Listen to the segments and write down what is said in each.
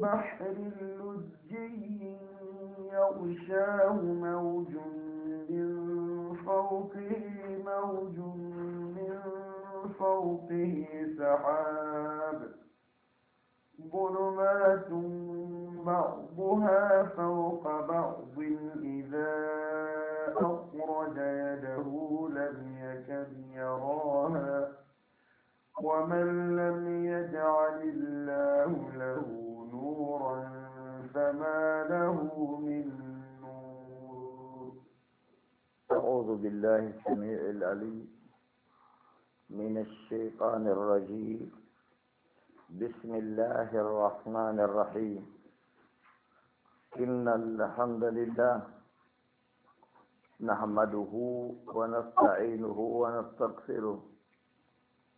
بحر لجي يغشاه موج من فوقه موج من فوقه سحاب ظلمات بعضها فوق بعض إذا أخرج يده لم يكن يراها ومن لم يجعل الله له نورا فما له من نور أعوذ بالله السميع العليم من الشيطان الرجيم بسم الله الرحمن الرحيم إن الحمد لله نحمده ونستعينه ونستغفره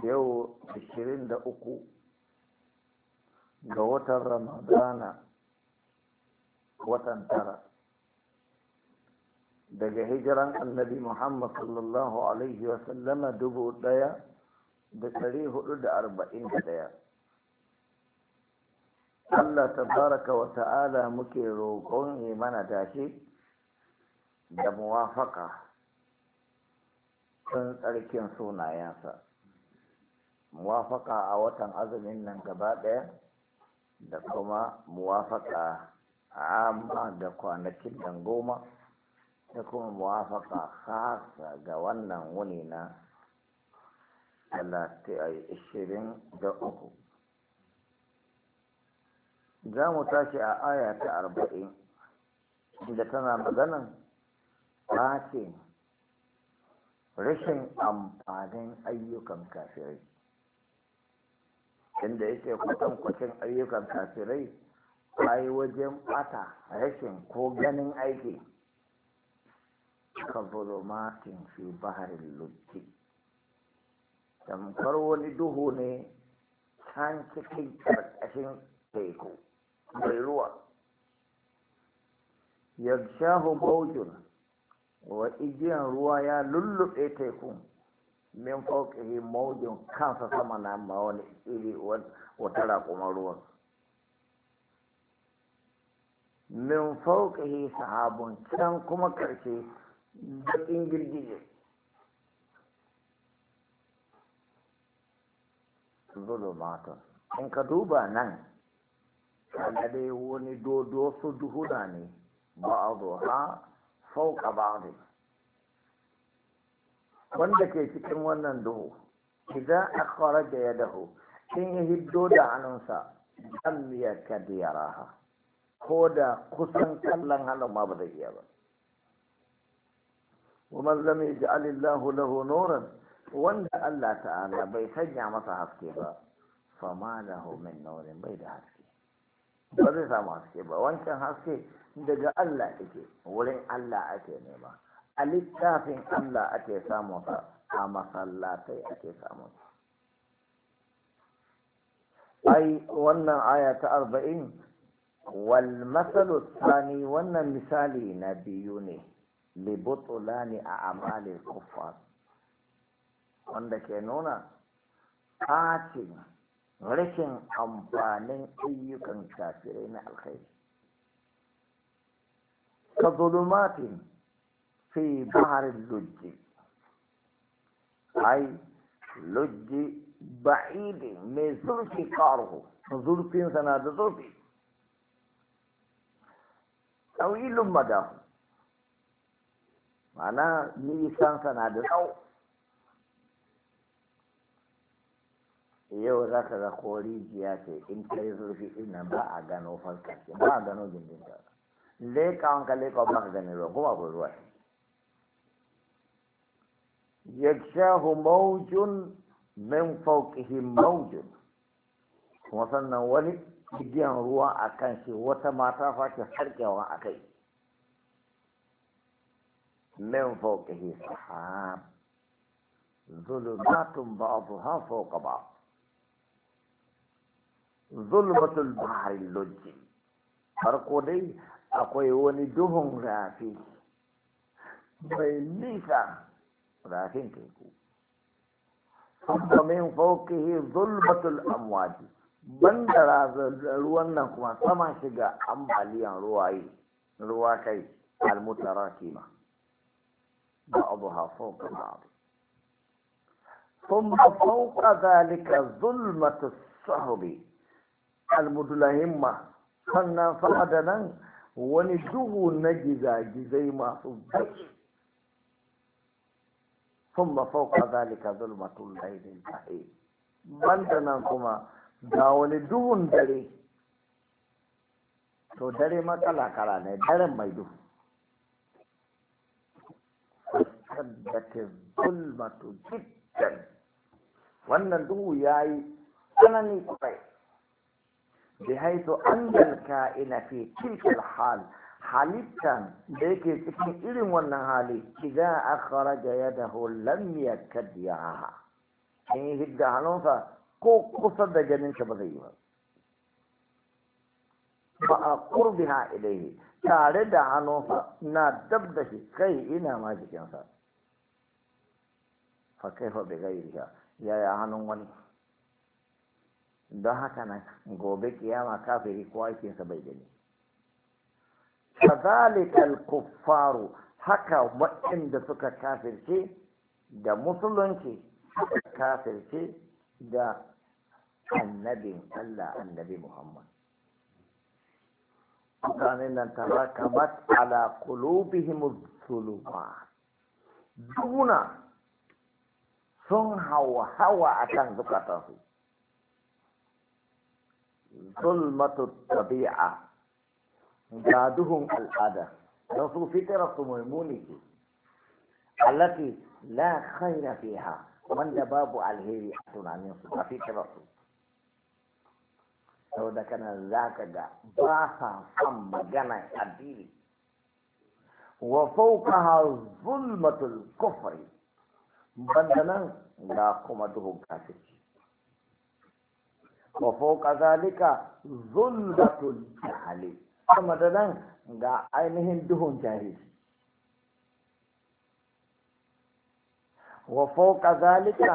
yau 23 ga watan ramadana watan tara daga hijiran annabi muhammad sallallahu alaihi wasallama dubu daya da ɗari hudu da arba'in da daya allah baraka wa ta'ala muke roƙon ya mana dace da muwafaka sun tsarkin sunayensa muwafaka a watan azumin nan gaba ɗaya da kuma muwafaka a amma da kwanakin dan goma da kuma muwafaka hasa ga wannan wuni na ashirin eh, da uku za mu tashi a aya ta arba'in da tana maganan ɓacin rashin amfanin ayyukan kafirai inda yake kwatan kwacin ayyukan kafirai yi wajen bata rashin ko ganin aiki ka zulumatin fi baharin lutti tamkar wani duhu ne can cikin ƙarƙashin teku mai ruwa yagshahu Bautun, wa igiyan ruwa ya lullube tekun min fauƙihi maujin kansa sama na ma iri wata raƙumar ruwan min fauƙihi sahabun can kuma ƙarshe baƙin girgije zulumatun in ka duba nan kaga dai wani dodo su duhuna ne ba a zuwa fauƙa ba wanda ke cikin wannan duhu idan akwara da ya dahu in ya hiddo da hannunsa lam ya kadi ya raha ko da kusan kallon hannun ma ba zai iya ba ومن لم يجعل الله له نورا وان الله تعالى بي سجع مسا حسكي با فما له من نور بي ده حسكي بزي سام حسكي با وان كان حسكي دقى الله اكي ولن الله اكي نيما a littafin Allah ake samun sa a masallatai ake samun ai wannan aya ta arba'in wal masalu tsani wannan misali na biyu ne libutulani a amalin kuffar wanda ke nuna ɓacin rashin amfanin ayyukan kafirai na alkhairi ka zulumatin fi baharin lujji ai ba'idi mai zurfi ƙarho zurfinsa na da zurfi ɗau'ilun mana nisansa na yau za ka ga rijiya ce in kai zurfi ina ba a gano farka ba a gano gindinta leƙa wanka leƙa ba ka gani ruwa kuma akwai ruwa yakshahu mawjun min fawqihim mawjun kuma sannan wani igiyan ruwa a kan shi wata mata face harkewa a kai min fawqihi sahab zulumatun ba'dha fawqa ba'd zulmatul bahri lujji farko dai akwai wani duhun rafi mai nisa rafin teku kuma min faukihi zulmatul amwaji banda ruwan nan kuma sama shiga ambaliyan ruwaye ruwa kai almutarakima بعضها فوق بعض ثم فوق ذلك ظلمة السهب المدلهمة sannan sa'adanan wani duhu na gizagizai masu baki ثم فوق ذلك ظلمة الليل البعيد بندنا كما داولي دون دري تو دري ما كلا كلا ني ما يدو فشدت الظلمة جدا وانا دو ياي انا ني بحيث أن الكائن في تلك الحال halittan da yake cikin irin wannan hali idan akharaja yadahu lam yakad yaha in hidda hannunsa ko kusa da ganin ba zai yi ba ba a qurbiha ilayhi tare da hannunsa na dab da shi kai ina ma jikinsa fa kaifa bi ghayriha yaya hannun wani don haka nan gobe kiyama kafiri kowa yakinsa bai gani kazalikal kuffaru haka waɗanda suka kafirce da musulunci suka kafirce da annabin Allah annabi Muhammad mutanen nan tarakabat ala qulubihim zulumat duna sun hawa hawa akan zukatansu zulmatu tabi'a ga duhun al'ada don su fitarar su maimuni ce allati la khaira fiha wanda babu alheri a tunanin su a fitarar su sau da kana za ka ga ba sa son magana addini wa fauqaha zulmatul kufri banda nan ga kuma duhun kafirci wa fauqa zalika zulmatul jahali sama da nan ga ainihin duhun jahilci wa fawqa zalika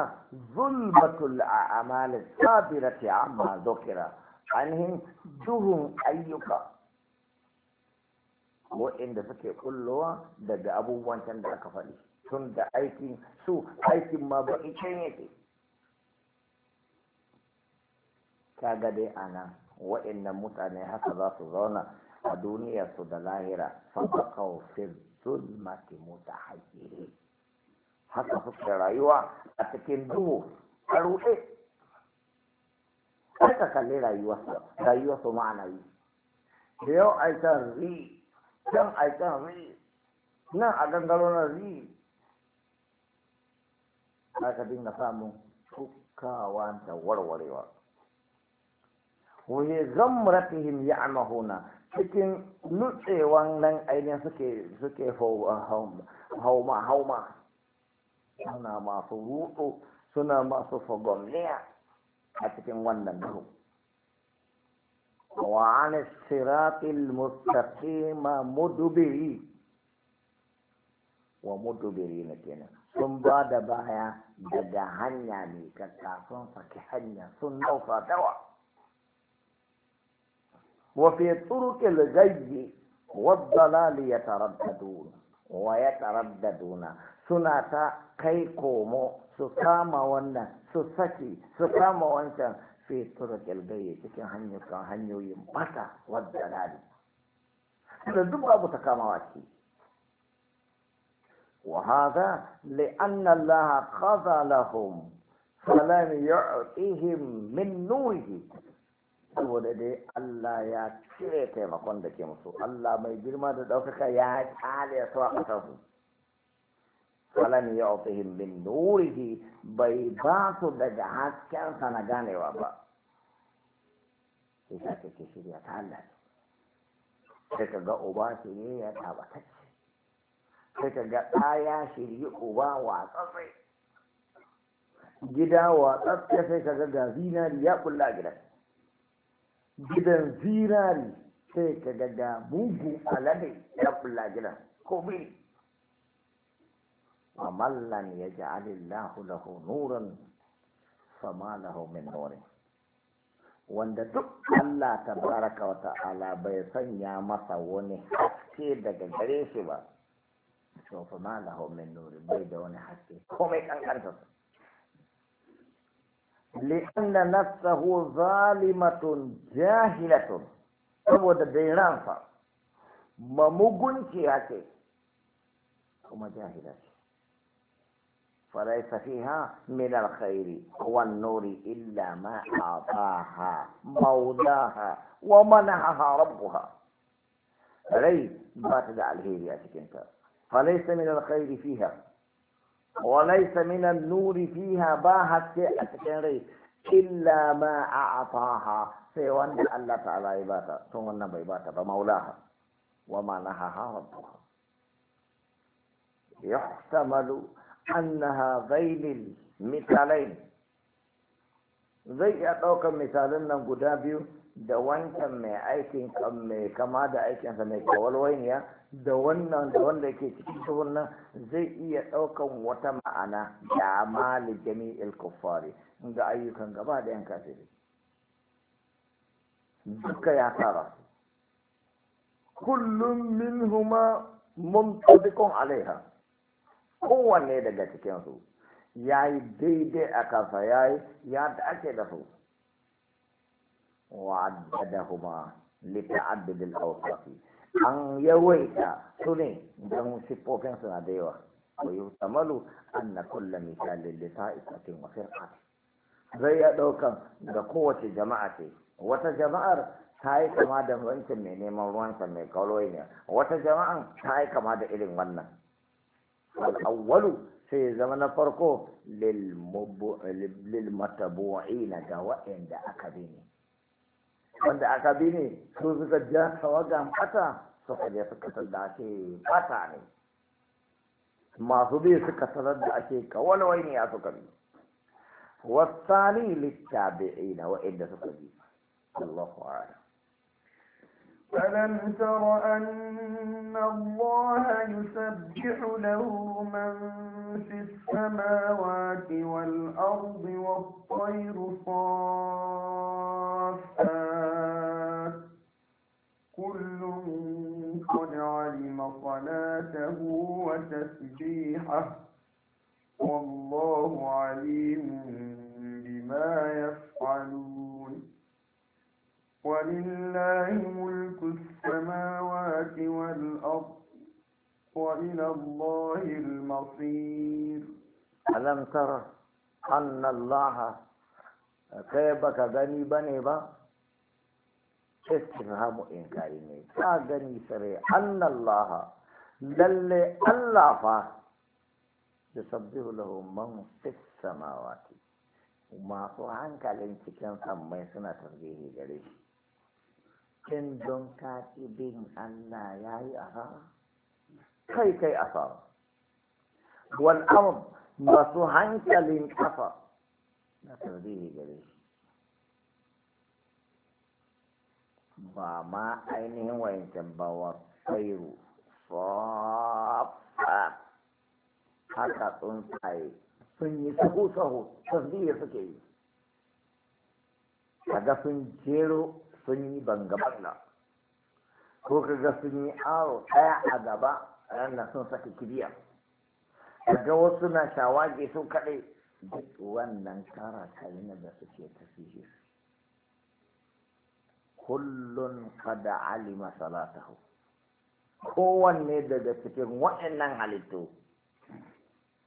zulmatul a'mal sabirati amma dhukira ainihin duhun ayyuka waɗanda suke kullowa daga abubuwan can da aka faɗi tun da aikin su aikin ma ba ikin yake kaga dai ana waɗannan mutane haka za su zauna a duniyarsu da lahira fabakau fi mota mutahajjiri haka suke rayuwa a cikin duhu a ruɗe ka kalli rayuwarsu rayuwarsu ma'anayi da yau aikan ri can aikan ri nan a gangaro na ri za ka dinga samun tukawa da warwarewa zan wa zamratihim ya'mahuna cikin nutsewan nan ainihin suke suke hauma hauma suna masu ruɗu suna masu fagomniya a cikin wannan duhu wa an siratil mustaqima mudubiri wa mudubiri na kenan sun ba da baya daga hanya ne kakka sun saki hanya sun naufa dawa وفي طرق الغي والضلال يترددون ويترددون سنة كيكومو سكاما ونا سسكي سكاما وانشان في طرق الغي تكن هنيو كان هنيو يمبتا والضلال تدب أبو واتي وهذا لأن الله قضى لهم فلم يعطيهم من نوره saboda dai Allah ya cire taimakon da ke musu Allah mai girma da ɗaukaka ya tsale su a ƙasarsu walam ya ofihim min nurihi bai ba su daga sa na ganewa ba sai ta ce shirya ta Allah sai ka ga uba shirye ya tabatacce sai ka ga ɗaya shirye uba watsatsai gida watsatse sai ka ga ga zinari ya kulla gidan gidan zinari sai ka gaga mugu alade ya kula gidan ko wa Amallan ya ji alillahu lahu nuran fama lahu min wanda duk Allah ta baraka wa ala bai sanya masa wani haske daga gare shi ba to fama lahu min bai da wani haske komai kankansa لأن نفسه ظالمة جاهلة saboda dairansa mamugunciya ce kuma jahila جاهلة فليس فيها من الخير والنور إلا ما أعطاها مولاها ومنحها ربها ري باتد على الهيري أتكنت فليس من الخير فيها walaisa minan nuri fiha ba haske a cikin rai illa ma a ataha sai wanda Allah ta'ala ya bata tun wannan bai bata ba maulaha wa ma na haha wa buha yahtamalu annaha ghaylil misalain zai iya daukan misalin nan guda biyu da wancan mai aikin mai kama da aikinsa mai kawalwainiya da wannan da wanda ke cikin shuhun nan zai iya ɗaukan wata ma'ana da mali jami'il ilkufari ga ayyukan gaba da yan kafiri duka ya tara kullum huma mumtadikun alaiha kowanne daga cikinsu ya yi daidai a kansa ya yi yadda ake da su وعددهما لتعدد الأوصاف أن يويت سنين جمو سيبو كنسنا ديوة ويحتمل أن كل مثال لطائفة وفرقة زي دوكا قوة جماعة وتجماعة تاي كما دم وانت مني مروان سمي قولوين وتجماعة تاي كما دم وانا الأول في زمن فرقو للمتبوعين جوائن دا أكاديمي wanda aka bi ne su suka ja tawagan fata suka je suka tada ake fata ne masu bi suka sanar da ake kawal wai ne ya suka bi wasani littabi'ina wa'inda suka bi Allahu a'lam ألم تر أن الله يسبح له من في السماوات والأرض والطير صافات كل قد علم صلاته وتسبيحه والله عليم بما يفعلون ولله ملك السماوات والأرض وإلى الله المصير ألم تر أن الله كيبك بني بني با استفهام إنكاري مي كغني سري أن الله لل الله فا يسبح له من في السماوات وما هو عنك لن تكن سمي سنة تفجيه جريش shin don ka Allah ya yi asara kai kai asara Wani abu masu hankalin kafa na tarihi gare shi ba ma ainihin wayancan ba wa tsairu haka tsuntsaye sun yi sahu-sahu tasbiyar suke yi kaga sun jero sun yi banga-banga ko kaga sun yi aro ɗaya a gaba ranar sun saka kibiya kaga wasu na shawage su kaɗai duk wannan kara kalina da suke tafiye kullun kada alima salatahu kowanne daga cikin waɗannan halittu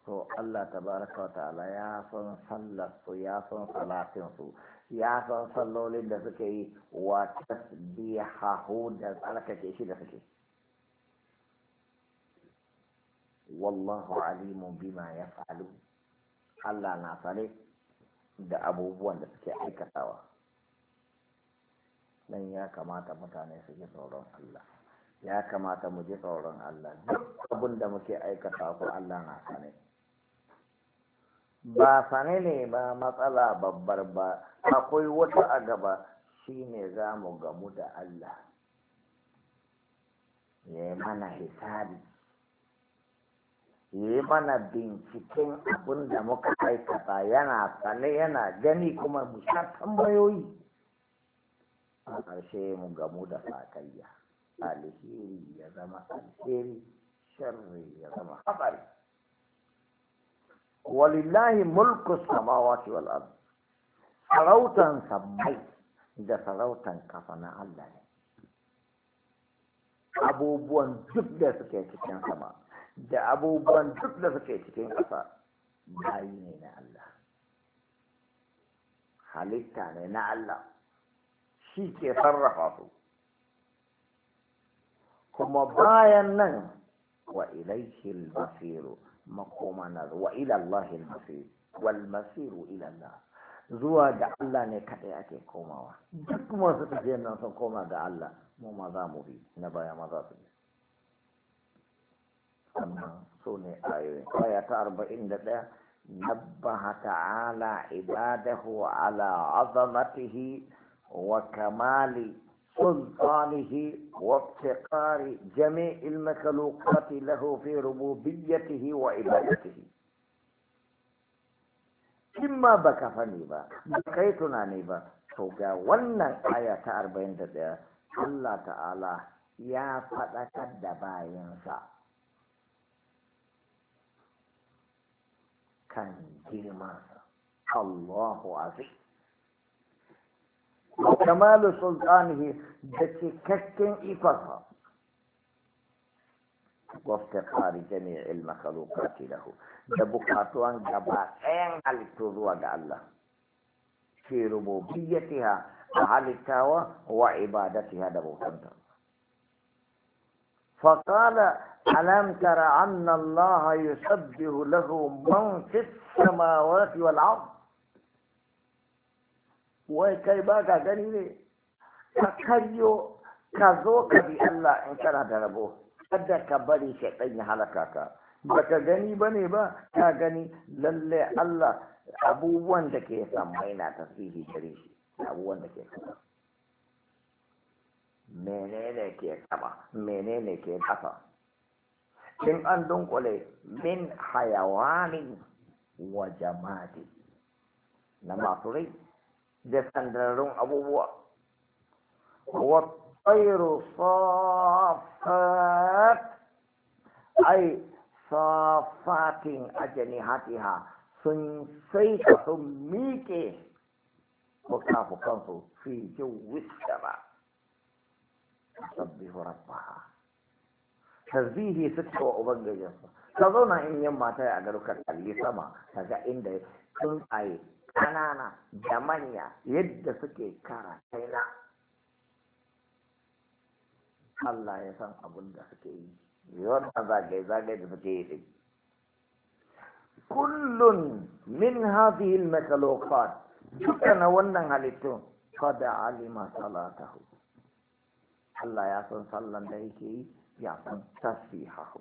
to Allah tabaraka wa ta'ala ya san sallar su ya san salatin su ya san sallolin da suka yi wa tasbihahu da tsarkake shi da suke wallahu bi bima ya falu Allah na sane da abubuwan da suke aikatawa nan ya kamata mutane su ji tsoron Allah ya kamata mu ji tsoron Allah duk abin da muke aikata ko Allah na sane ba sane ne ba matsala babbar ba akwai wata a gaba shi ne za mu gamu da Allah ya yi mana hisabi ya yi mana binciken abin da muka aikata yana sane yana gani kuma mu sha tambayoyi a ƙarshe mu gamu da sakayya alheri ya zama alheri sharri ya zama habari walillahi mulku samawati wal ardh sarautan sabbai da sarautan kafa na Allah ne abubuwan duk da suke cikin sama da abubuwan duk da suke cikin ƙasa bayi ne na Allah halitta ne na Allah shi ke sarrafa su kuma bayan nan wa ilaihi al-masir makoma na wa ila Allah al-masir wal masir ila Allah zuwa da Allah ne kaɗai ake komawa duk kuma masu tafiyar nan sun koma ga Allah mu ma za mu bi na baya ma za su bi sannan so ne ayoyin aya ta arba'in da ɗaya نبه تعالى عباده على عظمته وكمال سلطانه وافتقار جميع المخلوقات له في ربوبيته وعبادته إما بكفني با بكيتنا نيبا توجا ونن آية أربعين تدا الله تعالى يا فتاك دباين سا كان جيما الله عزيز وكمال سلطانه دكي كتن إفاها وافتقار جميع المخلوقات له da bukatuwan gaba ɗayan halittu zuwa ga Allah fi rububiyyatiha da halittawa wa ibadatiha da bautanta فقال ألم تر أن الله يسبح له من في السماوات والأرض وكيف بقى قليل تكيو كذوك بألا إن كان هذا ربوه kada ka bari shaitan ya halaka ka baka gani ba ne ba ka gani lalle Allah abubuwan da ke samai na tasiri gare shi abubuwan da ke sama menene ke sama menene ke kafa in an dunkule min hayawani wa jamaati na masu rai da sandararrun abubuwa wa tsairu ai safatin hatiha sun sai ka sun miƙe mukafukansu fi jawis sama sabbihu rabbaha tasbihi suke wa ubangijinsu ka zauna in yin mata a garkar kalli sama ka ga inda sun tsaye ƙanana da manya yadda suke kara kaina Allah ya san abin da suke yi يوم أباقي باقي بتيري كل من هذه المخلوقات شكرا ونن عليكم قد علم صلاته الله يصن صلى عليه يصن تسبيحه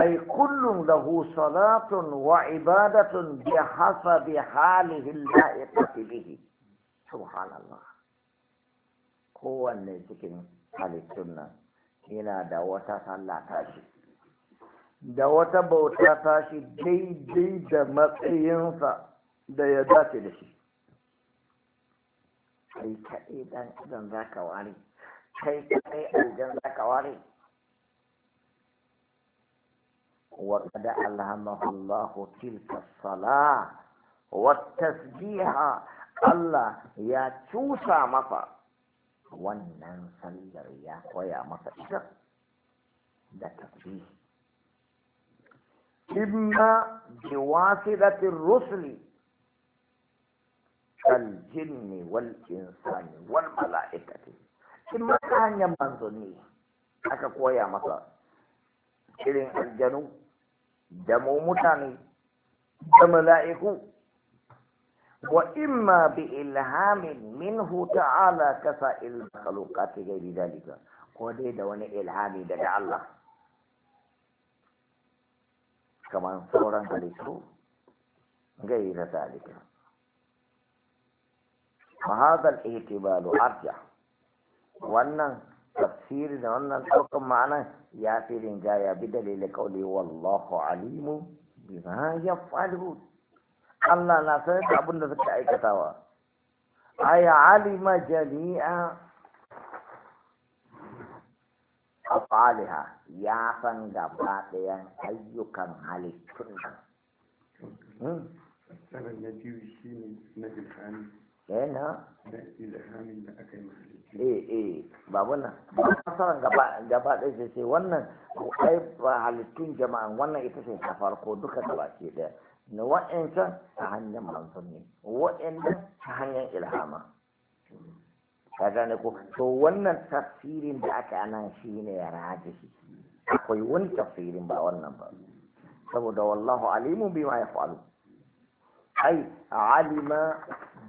أي كل له صلاة وعبادة بحسب حاله اللائقة به سبحان الله هو الذي ذكر على السنه yana da wata sallah tashi da wata bauta tashi daidai da matsayinsa da ya dace da shi kai kaɗai ɗan adam za ka ware kai kaɗai aljan za ka ware وقد ألهمه الله تلك الصلاة والتسبيح الله يا تشوسا مطر wannan sallar ya koya masa ita da tafi imma bi wasilatir rusuli kal jinni wal insani wal mala'ikati imma ta hanyar manzanni aka koya masa irin aljanu da mu mutane da mala'iku وإما بإلهام منه تعالى كفى المخلوقات غير ذلك قد دون إلهام دجع الله كما صورا قلت غير ذلك فهذا الاعتبار أرجح وأن تفسير وأن الحكم معنا يا في بدليل قولي والله عليم بما يفعلون Allah na sanar da abin da suka aikatawa ay alima jami'a afaliha ya san gaba ɗayan ayyukan halittun nan hmm? tsarin na biyu shi ne na ilhami ɗaya eh, na ilhami da aka yi eh eh ba wannan ba tsarin gaba gaba ɗaya sai wannan ai halittun jama'an wannan ita ce ta farko duka gaba ce ɗaya na wa'ancan ta hanyar manzanni wa'annan ta hanyar ilhama ka gane ko to wannan tafsirin da aka nan shi ne ya rajihi akwai wani tafsirin ba wannan ba saboda wallahu alimun bima yaf'alu ai alima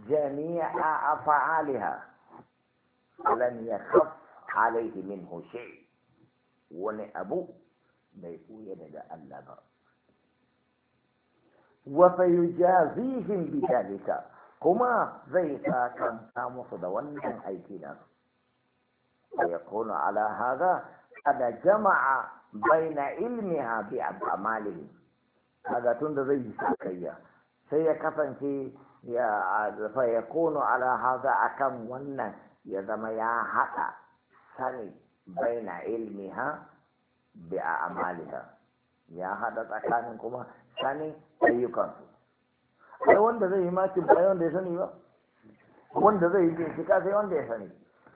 jami'a af'aliha lam yakhaf alayhi minhu shay wani abu bai koya daga Allah ba wa sayujazihim bi dalika kuma zai sakanta musu da wannan aiki da Ya yakunu ala hadha kada jama'a baina ilmiha bi amalihi kaga tunda zai yi sakayya sai ya kasance ya fa yakunu ala hadha akan wannan ya zama ya haɗa sani baina ilmiha bi amaliha ya haɗa tsakanin kuma sani. ayyukansu ai wanda zai yi makin ba wanda ya sani ba wanda zai yi bincika sai wanda ya sani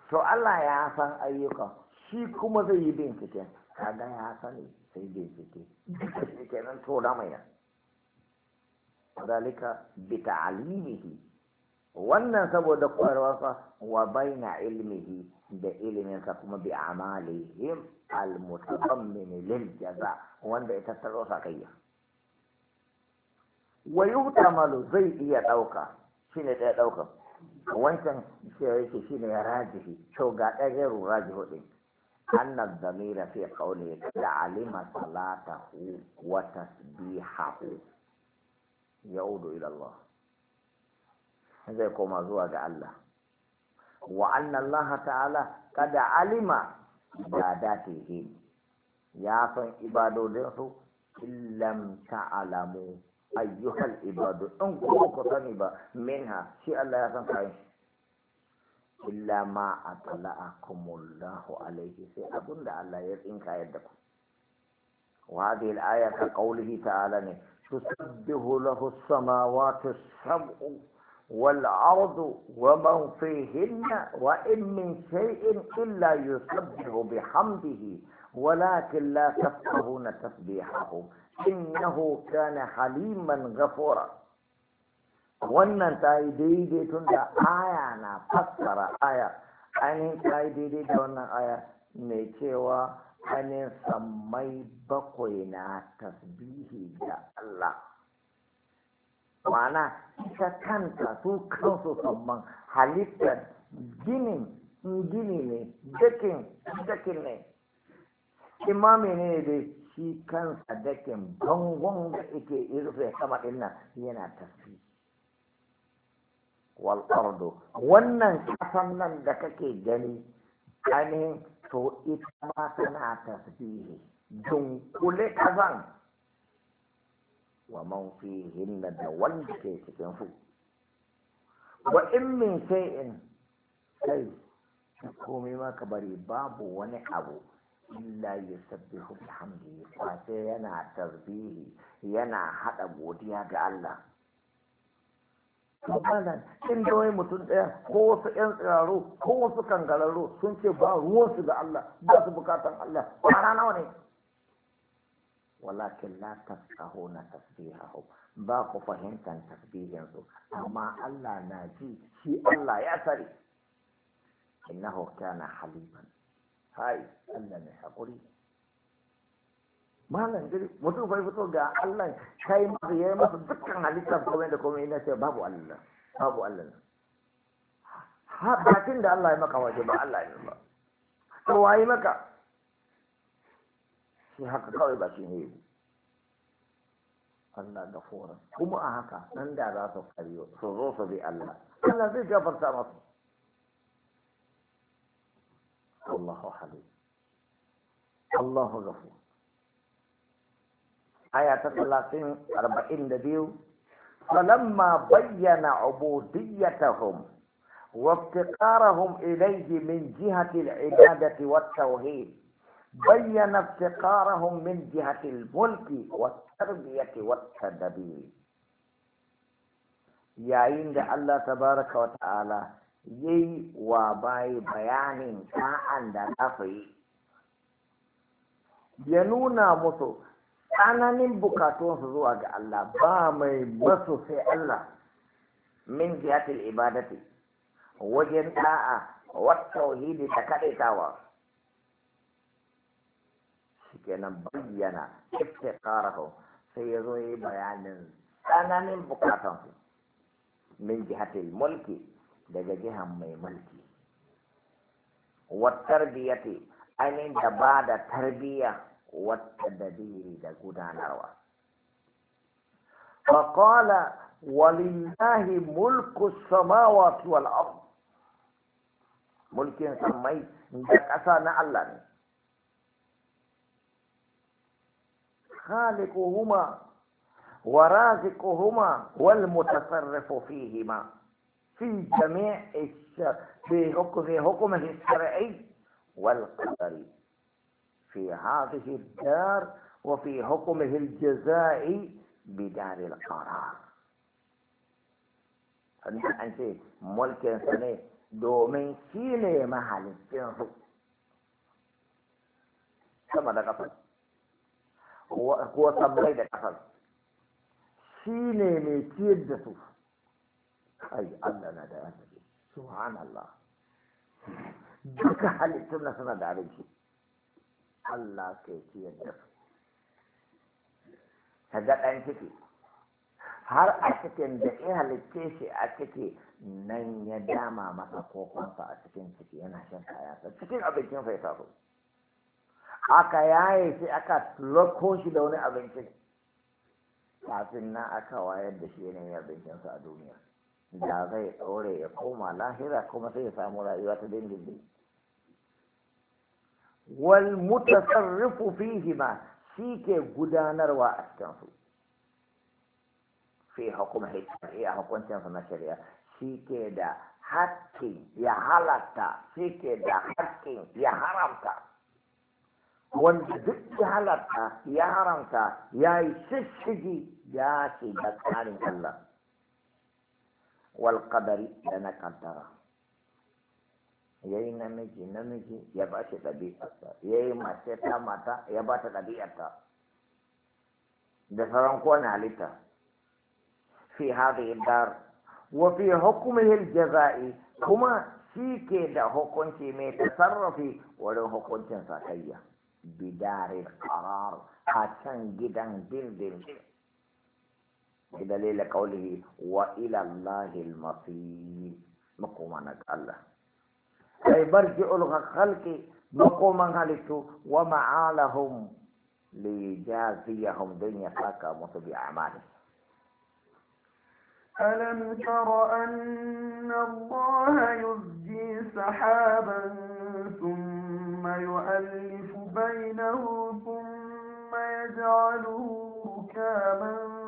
to Allah ya san ayyuka shi kuma zai yi binciken kaga ya sani sai bincike shi kenan to da mai zalika bi ta'limihi wannan saboda koyarwarsa wa baina ilmihi da iliminsa kuma bi amalihim al-mutaqammin lil jaza wanda ya tattaro sakayya wa malu zai iya ɗauka shine ɗaya ɗaukan wancan cewa yake shine ya rajihi to ga ɗajeru rajihu ɗin anna zamira fi qawli da alima salatahu wa tasbihahu yaudu ila Allah zai koma zuwa ga Allah wa anna Allah ta'ala kada alima ibadatihi ya san ibadodinsu illam alamu. أيها العباد انكم كتنبا منها شيء الله يسمى إلا ما أطلعكم الله عليه سي أبن الله يسين كايدكم وهذه الآية كقوله تعالى تسبح له السماوات السبع والأرض ومن فيهن وإن من شيء إلا يسبح بحمده ولكن لا تفقهون تسبيحه innahu kana haliman ghafura wannan ta yi daidai tun da aya na fassara aya ainihin ta yi daidai da wannan aya mai cewa ne sammai bakwai na tasbihi da Allah mana ita kanta su kansu samman halittar ginin gini ne dakin dakin ne imami ne dai shi kansa dakin bangon da ike irfe sama ɗin nan yana tafi wal wannan kasan nan da kake gani ainihin to ita ma tana tasbihi dunkule kazan wa man fihinna da wanda ke cikin su wa in min shay'in kai komai ma ka bari babu wani abu illa yusabbihu bihamdihi fa sai yana tarbihi yana haɗa godiya ga Allah Malam, in da mutum ɗaya ko wasu ƴan tsiraro ko wasu kangararru sun ce ba ruwansu ga Allah ba su bukatan Allah kwana nawa ne. Walakin la tafsahu na tasbihahu ba ku fahimtar tasbihinsu amma Allah na ji shi Allah ya sare. Innahu kana haliman hai Allah mai haƙuri malam gari mutum bai fito ga Allah kai masa yayi masa dukkan halittar komai da komai ina ce babu Allah babu Allah ha bakin da Allah ya maka waje ba Allah ya ba to waye maka shi haka kawai ba shi ne Allah gafuran kuma a haka nan da za su kariyo su zo su bi Allah Allah zai gafarta masu الله حليم الله غفور آية 30 42 فلما بين عبوديتهم وافتقارهم إليه من جهة العبادة والتوحيد بين افتقارهم من جهة الملك والتربية والتدبير يا عند الله تبارك وتعالى yayi wa bayi bayanin sa'an da za yi ya nuna musu tsananin bukatunsu zuwa ga Allah ba mai masu sai Allah min jihatul ibadati wajen da'a wa tauhidi ta kadaitawa shikenan bayyana iftiqarahu sai ya zo yi bayanin tsananin bukatunsu min jihatul mulki daga jihan mai mulki watarbiyati ainihin da ba da tarbiyya wata dabiri da gudanarwa faƙala walillahi mulku samawati wal ard mulkin samai da ƙasa na Allah ne خالقهما ورازقهما والمتصرف فيهما في جميع في حكم في حكم الشرعي والقدري في هذه الدار وفي حكمه الجزائي بدار القرار فانت انت ملك سنه دومين سيني محل الجنسو كما ده قصد هو قوة صبري ده قصد سيني ميتير ده kai Allah na da arziki subhanallah duka halittun na suna da arziki Allah ke ciyar da su ka ga ciki har a cikin da ya halitte shi a ciki nan ya dama masa kokonsa a cikin ciki yana shan kayansa cikin abincin sai taso aka yaye shi aka loko shi da wani abincin kafin na aka wayar da shi yanayin abincinsa a duniya da zai ɗore ya koma lahira kuma sai ya samu rayuwa ta dindindin wal mutasarrifu fihi ma shi ke gudanarwa a cikin fi hukum shari'a hukuncin sa na shari'a shi ke da hakkin ya halatta shi ke da hakkin ya haramta wanda duk ya halatta ya haramta ya yi shishigi ya shiga tsarin Allah والقدر لنا كنترا يي نمجي نمجي يباشي طبيعتا يي ماتي تاماتا يباشي طبيعتا ده فرنكو نالتا في هذه الدار وفي حكمه الجزائي كما شيك ده حكمتي مي تصرفي ولو حكمتي ساكيا بدار القرار حتى جدا بالدين بدليل قوله وإلى الله المصير مقومنا الله أي برجع الخلق مقوما وما ومعالهم ليجازيهم دنيا فاكا بأعمالهم ألم تر أن الله يزجي سحابا ثم يؤلف بينه ثم يجعله ركاما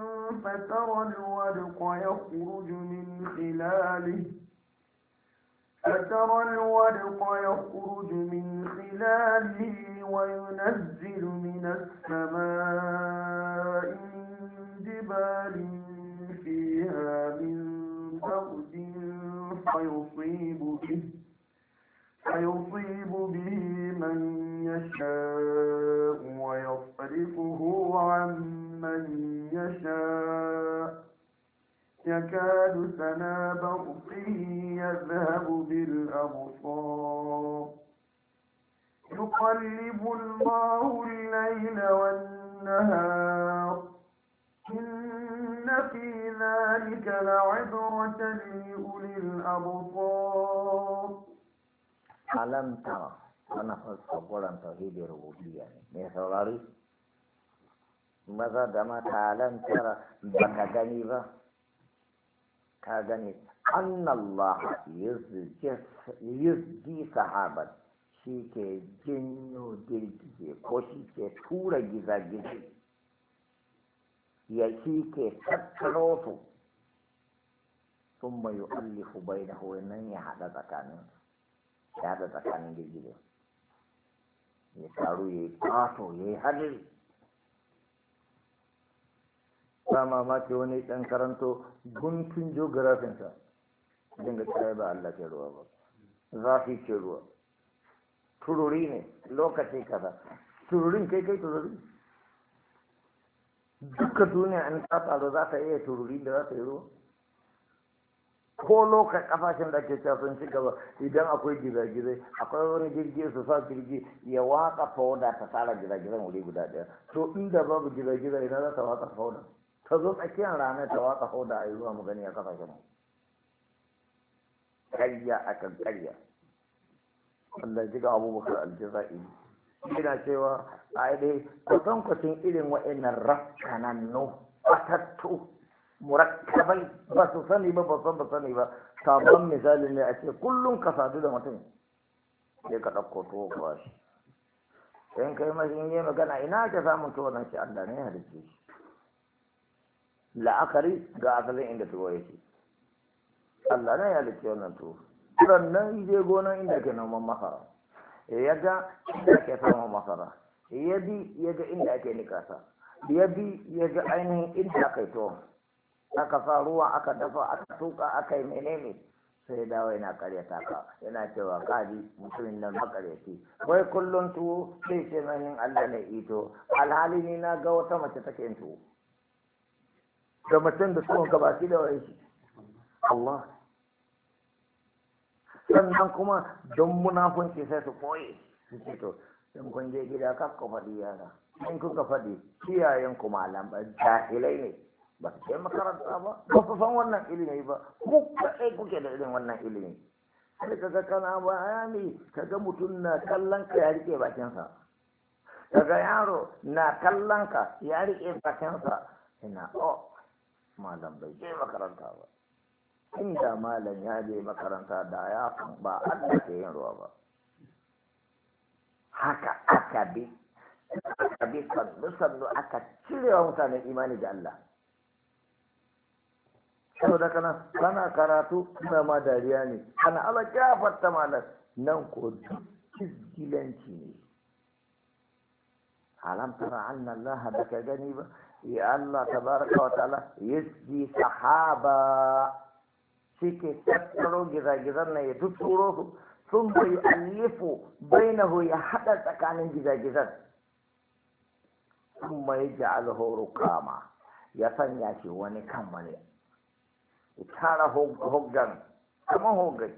فترى الودق يخرج من خلاله فترى الودق يخرج من خلاله وينزل من السماء من جبال فيها من برد فيصيب به فيصيب به من يشاء ويصرفه عن من يشاء يكاد سنا برقه يذهب بالأبصار يقلب الله الليل والنهار إن في ذلك لعبرة لأولي الأبصار ألم ترى أنا أصبر أن تغيب ربوبية يعني. ما maza da mata tara ba ka gani ba ka gani annallah yuzdi sahabat shi ke jinyo girgije ko shi ke tura gizagije ya shi ke tattaro su sun mai yu'allifu bai da nan ya haɗa tsakanin ya haɗa tsakanin girgije ya taru ya yi ƙato ya yi hadiri ba mamaki wani dan karanto guntun geografinsa ta dinga tsaye ba Allah ke ruwa ba zafi ke ruwa tururi ne lokaci kaza tururin kai kai tururi duka duniya an ta da za ta iya tururi da za ta yi ruwa ko lokacin kafashin da ke sun ci gaba idan akwai gizagizai akwai wani jirgi su sa jirgi ya waka fauda ta tsara gizagizan wuri guda ɗaya to inda babu gizagizai na za ta waka fauda ta zo tsakiyar ranar ta watsa hau da ayyuwa mu gani a kasashen mu karya kan karya wanda ji ga abubakar aljaza'i ina cewa a dai kusan kusan irin wa'annan rakkanannu fatattu murakkabai ba su sani ba ba san ba sani ba sabon misali ne a ce kullum ka sadu da mutum sai ka ɗauko tuwo kuwa shi in kai mashi yi magana ina ka samun tuwo nan shi Allah ne ya halicce shi la'akari ga asalin inda tuwo yake Allah na ya halitta wannan tuwo turan je gonan inda ke noman masara ya ga inda ke samun masara ya bi ya ga inda ake nikasa ya bi ya ga ainihin inda aka yi tuwo aka sa ruwa aka dafa aka tuka aka yi menene sai ya dawo yana karyata ka yana cewa kaji mutumin nan makaryaci wai kullum tuwo sai ce mahin Allah ne ito alhali ni na ga wata mace take tuwo da mutum da tsohon gabaki da wani shi Allah sannan kuma don munafunci sai su koye su ce to kun je gida ka faɗi yara in kuka faɗi kiyayen kuma lambar jahilai ne ba su kai makaranta ba ba su san wannan ilimi ba ku kaɗai kuke da irin wannan ilimi sai ga kana bayani kaga mutum na kallon ka ya riƙe bakinsa kaga yaro na kallon ka ya rike bakinsa ina o oh, malam bai je makaranta ba inda malam ya je makaranta da ya ba Allah ke yin ruwa ba haka aka bi aka bi sannu sannu aka cirewa mutane imani da Allah da kana kana karatu kana ma dariya ne kana ya gafarta malam nan ko duk ne alam tara anna Allah ka gani ba ya Allah tabaraka wa ta'ala yasji sahaba shike tattaro gizagizan nan ya tuturo su sun bai alifu bainahu ya hada tsakanin gizagizan sun ji alhoro kama ya sanya shi wani kan wani ya tara hoggan kamar hoggan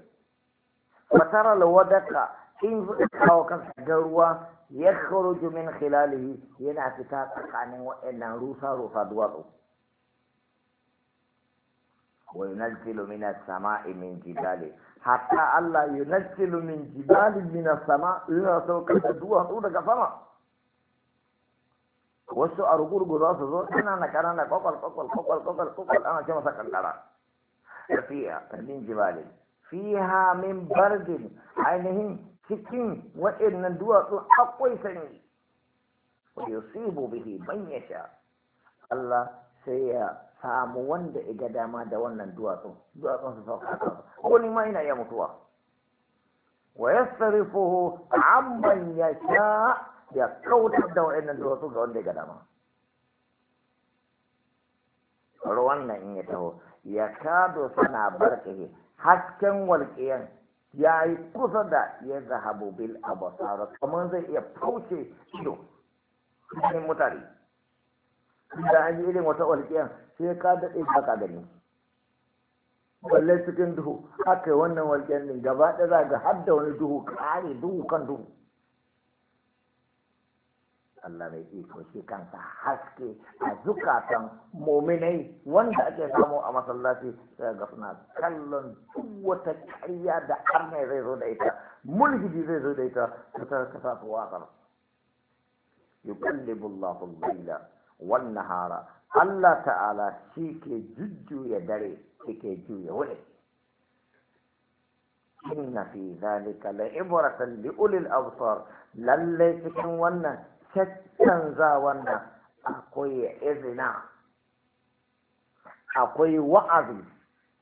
fatara lawadaka in kawo kansa ga ruwa يخرج من خلاله ينعتكاك قانه وإن روسا روسا دوضو وينزل من السماء من جبال حتى الله ينزل من جبال من السماء إذا سوك تدوها تودك سماء وسو أرقور قراصة زور أنا نكران قوكل قوكل قوكل قوكل قوكل أنا كما سكر لرا فيها من جبال فيها من برد عينهم cikin waɗannan duwatsu akwai sanyi wa yusibu bihi ya sha. Allah sai ya samu wanda ya ga dama da wannan duwatsun duwatsun su sauka kansa wani ma yana iya mutuwa wa yasrifuhu amman yasha ya kautar da waɗannan duwatsu ga wanda ya ga dama ruwan nan in ya taho ya kado sana barkahi hasken walƙiyan ya yi kusa da ya zahabu bil abasara kamar zai iya fauce ido cikin mutane da an yi irin wata walƙiyar sai ka daɗe ba ka gani balle cikin duhu aka yi wannan walƙiyar ne gaba ɗaya za ga har da wani duhu ƙare duhu kan duhu Allah mai iko shi kansa haske a zukatan mominai wanda ake samu a masallaci sai ga suna kallon duk wata ƙarya da arnai zai zo da ita mulhidi zai zo da ita ta ta sa su waƙar yuqallibu Allahu al-layla wan nahara Allah ta'ala shi ke jujjuya dare shi ke juya wani inna fi zalika la li ulil absar lalle cikin wannan canza wannan akwai izina akwai wa'azi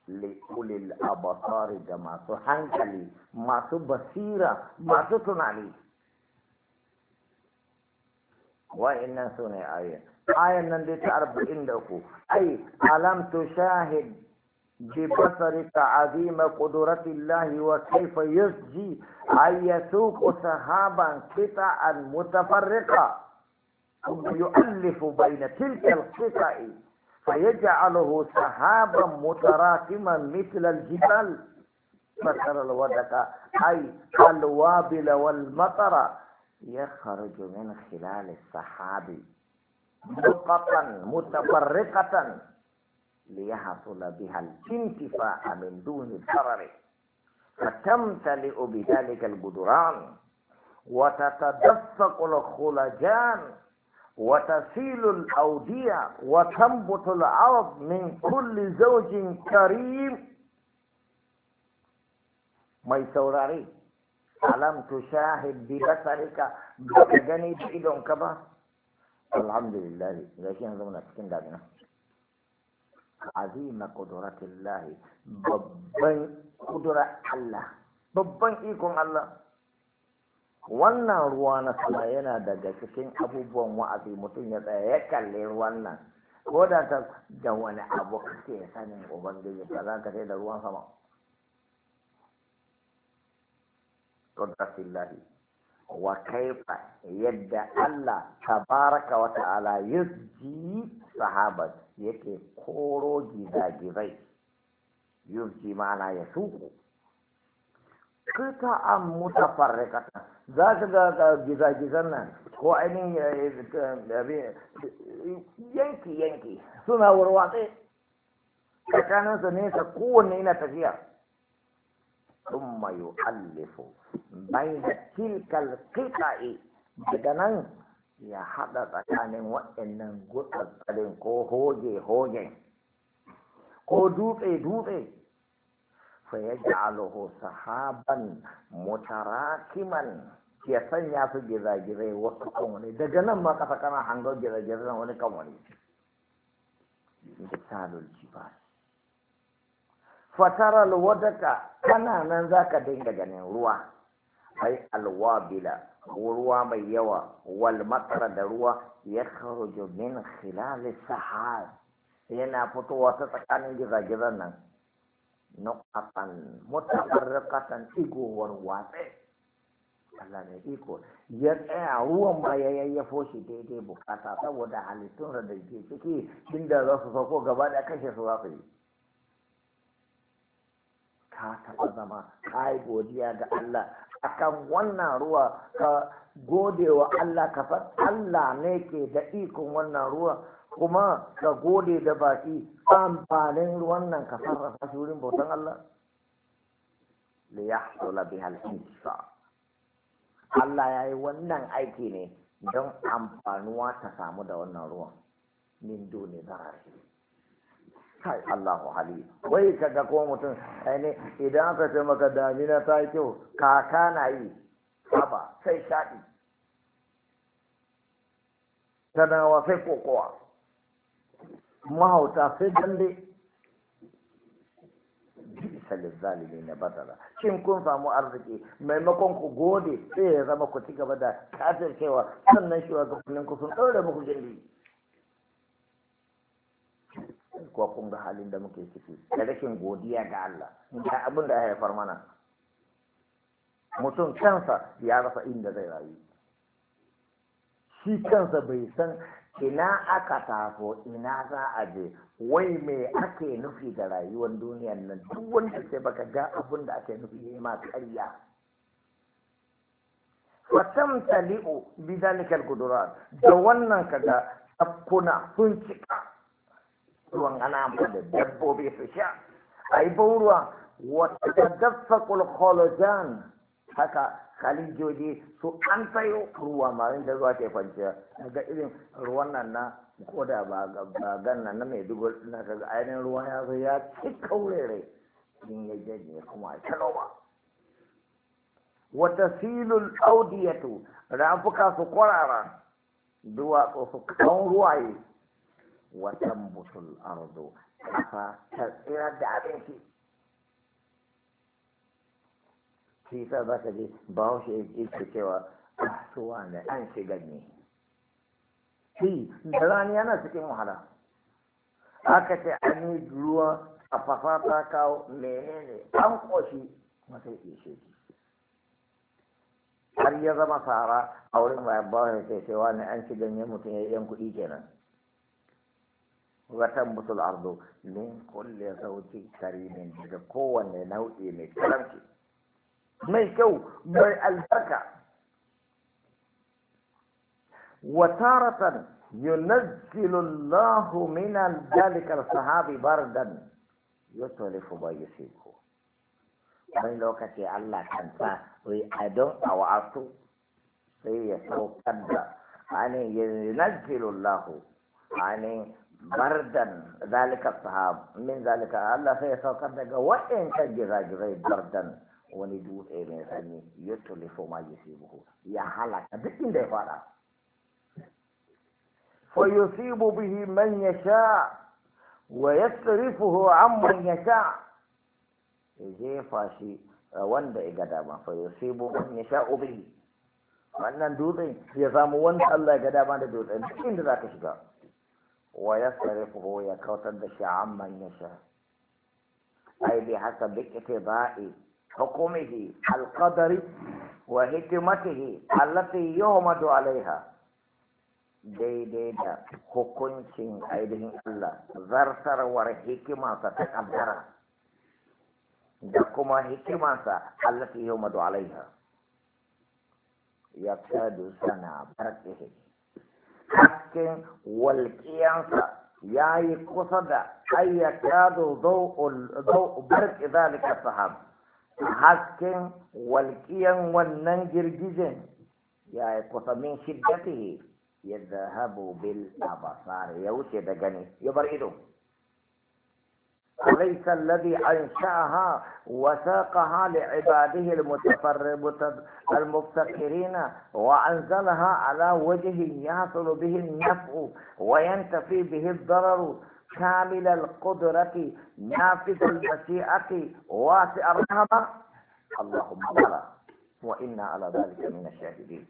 liulil abasari da masu hankali masu basira masu tunani wa'annan su ne ayan ayan nan dai ta arba'in da uku ai alam tu shahid ببصرك عظيم قدرة الله وكيف يسجي أن يسوق سحابا قطعا متفرقة ثم يؤلف بين تلك القطع فيجعله سحابا متراكما مثل الجبال فترى الودك أي الوابل والمطر يخرج من خلال السحاب نقطا متفرقة ليحصل بها الانتفاع من دون الضرر فتمتلئ بذلك الجدران وتتدفق الخلجان وتسيل الأودية وتنبت الأرض من كل زوج كريم ما يسوراري ألم تشاهد ببصرك بتجني بإيدك الحمد لله لكن هذا من أتكلم azima qudratillahi babban kudura Allah babban ikon Allah wannan ruwa na sama yana daga cikin abubuwan wa'azi mutum ya tsaya ya kalle ruwan nan ko da ta da wani abu kake sanin ubangiji ba za ka sai da ruwan sama qudratillahi wa kaifa yadda Allah tabaraka wa ta'ala yuzji sahabat yake koro gizagizai yurji mana ya suku kata an mutafarrikata za ka ga gizagizan nan ko ainihin eh, yanki yanki suna warwatse tsakaninsu nesa kowanne ina tafiya ثم يؤلف بين تلك daga nan? ya haɗa tsakanin waɗannan gutsattsalin ko hoge-hoge ko dutse-dutse fa ya ji alahu sahaban mutarakiman ya sanya su gizagizai wasu kan daga nan ma kasa kana hangon gizagizai wani kan misalul jibar fataral wadaka kana nan zaka dinga ganin ruwa alwa bila ruwa mai yawa wal matsara da ruwa ya kharuju min khilal sahar yana fitowa ta tsakanin gizagizan nan nuqatan mutafarriqatan igowar watsi Allah ne iko ya tsaya ruwan ma ya yayyafo shi daidai bukata saboda halittun da ke ciki inda za su sauko gaba da kashe su za su yi ka taɓa zama ka yi godiya ga Allah akan wannan ruwa ka gode wa Allah ka san Allah ne ke da ikon wannan ruwa kuma ka gode da baki amfanin ruwan nan ka sarrafa shi wurin bautan Allah li yahsula biha al-insa Allah ya yi wannan aiki ne don amfanuwa ta samu da wannan ruwan min duni shi. kai Allahu hali wai kaga ko mutum ne idan aka ce maka damina ta kyau kaka na yi haba sai shaɗi tanawa sai kokowa mahauta sai dande bisa zalimi na badala shin kun samu arziki maimakon ku gode sai ya zama ku ci gaba da kafircewa sannan shi shugabannin ku sun ɗaure muku jirgi Kuwa ko kun ga halin da muke ciki da rashin godiya ga Allah da abin da ya haifar mana mutum kansa ya rasa inda zai rayu shi kansa bai san ina aka taso ina za a je wai me ake nufi da rayuwar duniyan nan duk wanda ce baka ga abin da ake nufi ya ma karya fatam tali'u dalikal kudurat da wannan kaga sakuna sun cika ruwan ana amfani da dabbobi su sha a yi ruwa wata dafa kulkolojan haka kalijoji su an sayo ruwa marin da zuwa ke kwanciya daga irin ruwan nan na ko da ba gan nan na mai dubu na kaga ainihin ruwa ya zo ya ci kaurere in ya janye kuma a ta wata filul audiyatu rafuka su kwarara duwatsu su kan ruwaye watan butul arzo kafa ta tsira da abinci shi ta za ka ji bahaushe yake cewa suwa ne an shiga ne shi da rani yana cikin wahala aka ce an yi ruwa a fafa ta kawo menene an koshi mata ishe har ya zama fara a wurin bayan ke cewa ne an shiga ne mutum ya yi yan kuɗi kenan وتنبت الأرض من كل زوج كريم بقوة نوع من كلامك ما يكو ما البركة وتارة ينزل الله من ذلك الصحاب بردا يتلف بيسيك من لو كتي الله كان فا ويأدون أو أعطوا سيسو كبرا يعني ينزل الله يعني bardan zalika sahab min zalika Allah sai ya saukar daga waɗancan gizagizai bardan wani dutse mai sanyi ya tulifo ma ya buhu ya halaka duk inda ya fada fa yusibu bihi man yasha wa yasrifuhu an man yasha ya jefa shi wanda ya ga dama fa yusibu man yasha bihi wannan dutsen ya samu wanda Allah ya ga dama da dutsen duk inda zaka shiga ويصرف ويصرفه يكوتد عما يشاء أي بحسب اقتضاء حكمه القدر وهتمته التي يومد عليها دي دي دا حكم شين أي بهم الله ذرسر ورهكما ستقدر دكما هكما التي يومد عليها يكاد سنع بركه حق والقياس يا يعني قصد أي كاد ضوء ضوء برك ذلك الصحاب حق والقيان والننجر جزن يا يعني قصد من شدته يذهب بالأبصار يوشي دقني يبرئدو وليس الذي أنشأها وساقها لعباده المفتقرين وأنزلها على وجه يحصل به النفع وينتفي به الضرر كامل القدرة نافذ المشيئة واسع الرحمة اللهم بلى وإنا على ذلك من الشاهدين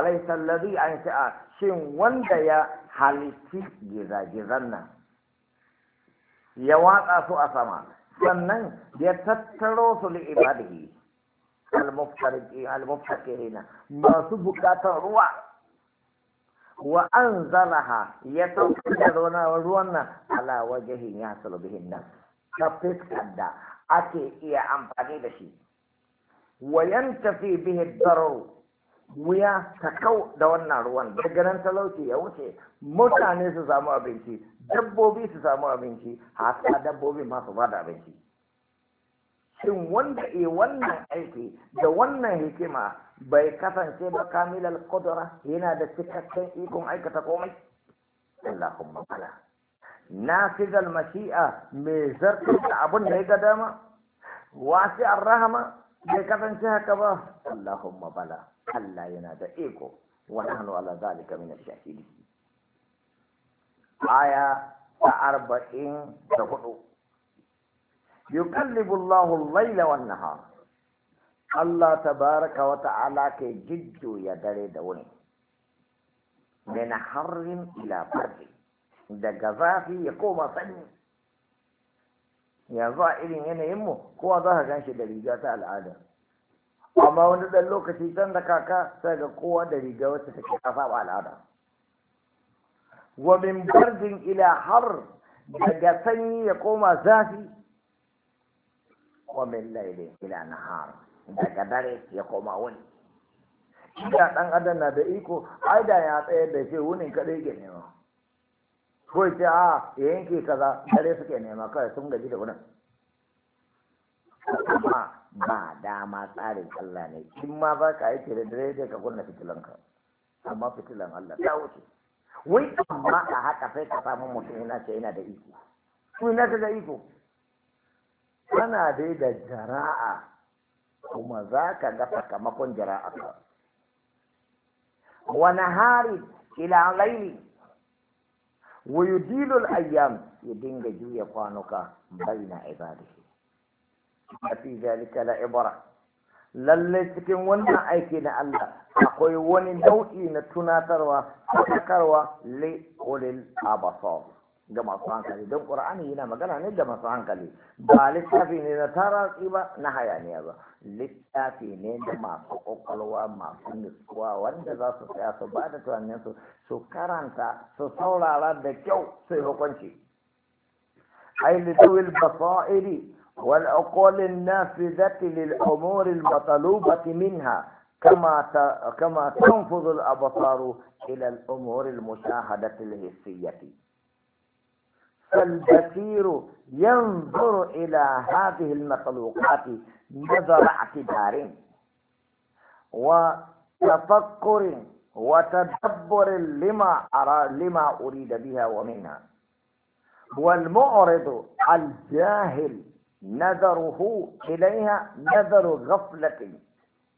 أليس الذي أنشأ شن وندي حالتي جزا جذنا ya watsa su a sama sannan ya tattaro su li ibadihi al-muftakirina masu bukatar ruwa wa anzalaha ya sauka da ruwan nan ala wajahin ya bihin nan ta fiskar ake iya amfani da shi wa yantafi bihi darar wuya ta kau da wannan ruwan daga nan talauci ya wuce mutane su samu abinci dabbobi su samu abinci hatta dabbobi ma su bada abinci shin wanda e wannan aiki da wannan hikima bai kasance ba kamilal kudura yana da cikakken ikon aikata komai Allahumma na fi mashi'a mai zartar da abin da ya ga dama wasi rahama bai kasance haka ba Allahumma bala Allah yana da iko wa nahnu ala zalika min ash-shahidin aya ta arba'in da hudu yuqallibu Allahu laila wan nahar Allah tabaraka wa ta'ala ke jiddu ya dare da wuni min harrin ila bardi daga zafi ya koma sanyi yanzu a irin yanayinmu kowa za ka gan shi da riga ta al'ada amma wani ɗan lokaci can kaka sai ga kowa da riga wacce take ta saba al'ada wa min bardin ila har daga sanyi ya koma zafi wa min laili ila nahar daga dare ya koma wani Ina dan adam na da iko ai da ya tsayar da shi wunin kadai ke nema ko ce a yanke kaza dare suke nema kawai sun gaji da wurin kuma ba dama tsarin Allah ne in ma ba ka aiki da dare da ka kunna fitilanka amma fitilan Allah ta wuce wai amma a haka sai ka samu mutum yana ce yana da iko kuma yana da iko kana dai da jara'a kuma za ka ga sakamakon jara'a ka wani hari ila laili wa yudilul ayyam ya dinga juya kwanuka baina ibadihi fi zalika la ibara Lallai cikin wannan aiki na Allah akwai wani nau'i na tunatarwa sakarwa li ulil abasar ga masu hankali don ƙur'ani yana magana ne ga masu hankali ba littafi ne na taratsi ba na hayaniya ba littafi ne na masu ƙwaƙwalwa, masu nutsuwa wanda za su tsaya su ba da tunaninsu, su karanta su saurara da kyau su hukunci ai lidawil basairi والعقول النافذة للأمور المطلوبة منها كما كما تنفذ الأبصار إلى الأمور المشاهدة الحسية فالبصير ينظر إلى هذه المخلوقات نظر اعتبار وتفكر وتدبر لما أرى لما أريد بها ومنها والمعرض الجاهل نذره إليها نذر غفلة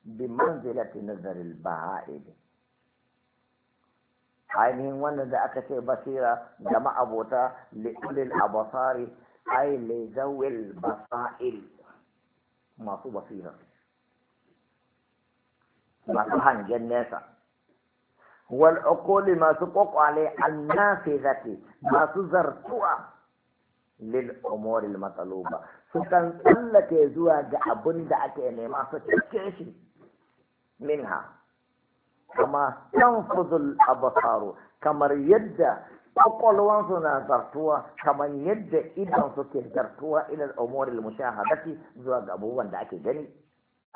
بمنزلة نذر البهائم أي من إذا أكثر بصيرة جمع أبوتا لكل الأبصار أي لذوي البصائل ما هو بصيرة ما هو جنسة والعقول ما سقوق عليه النافذة ما سزرتها للأمور المطلوبة سكان سلك يزوى جعبن دعك نما فتكيش منها كما تنفذ الأبصار كما يد أقول وانسونا زرتوا كما يد إذن سكي زرتوا إلى الأمور المشاهدة زوى جعبن دعك جني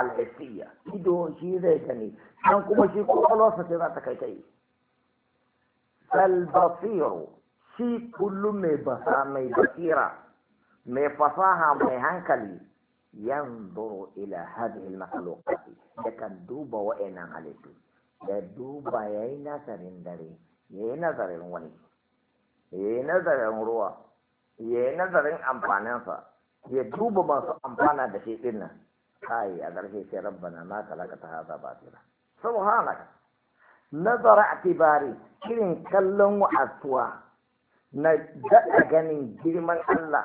الحسية إذو شيء جني كما شيء قولوا ستنا تكيتي فالبصير shi kullum mai basa mai basira mai fasaha mai hankali yan yanzuru ila hadhihi al-makhluqati kan duba wa'inan halittu ya duba ya yi nazarin dare ya yi nazarin wani ya yi nazarin ruwa ya yi nazarin amfaninsa ya duba masu amfana da shi din nan kai a ƙarshe sai rabbana ma kalakata hadha batila subhanaka nazara atibari irin kallon wa'atuwa na daɗa ganin girman Allah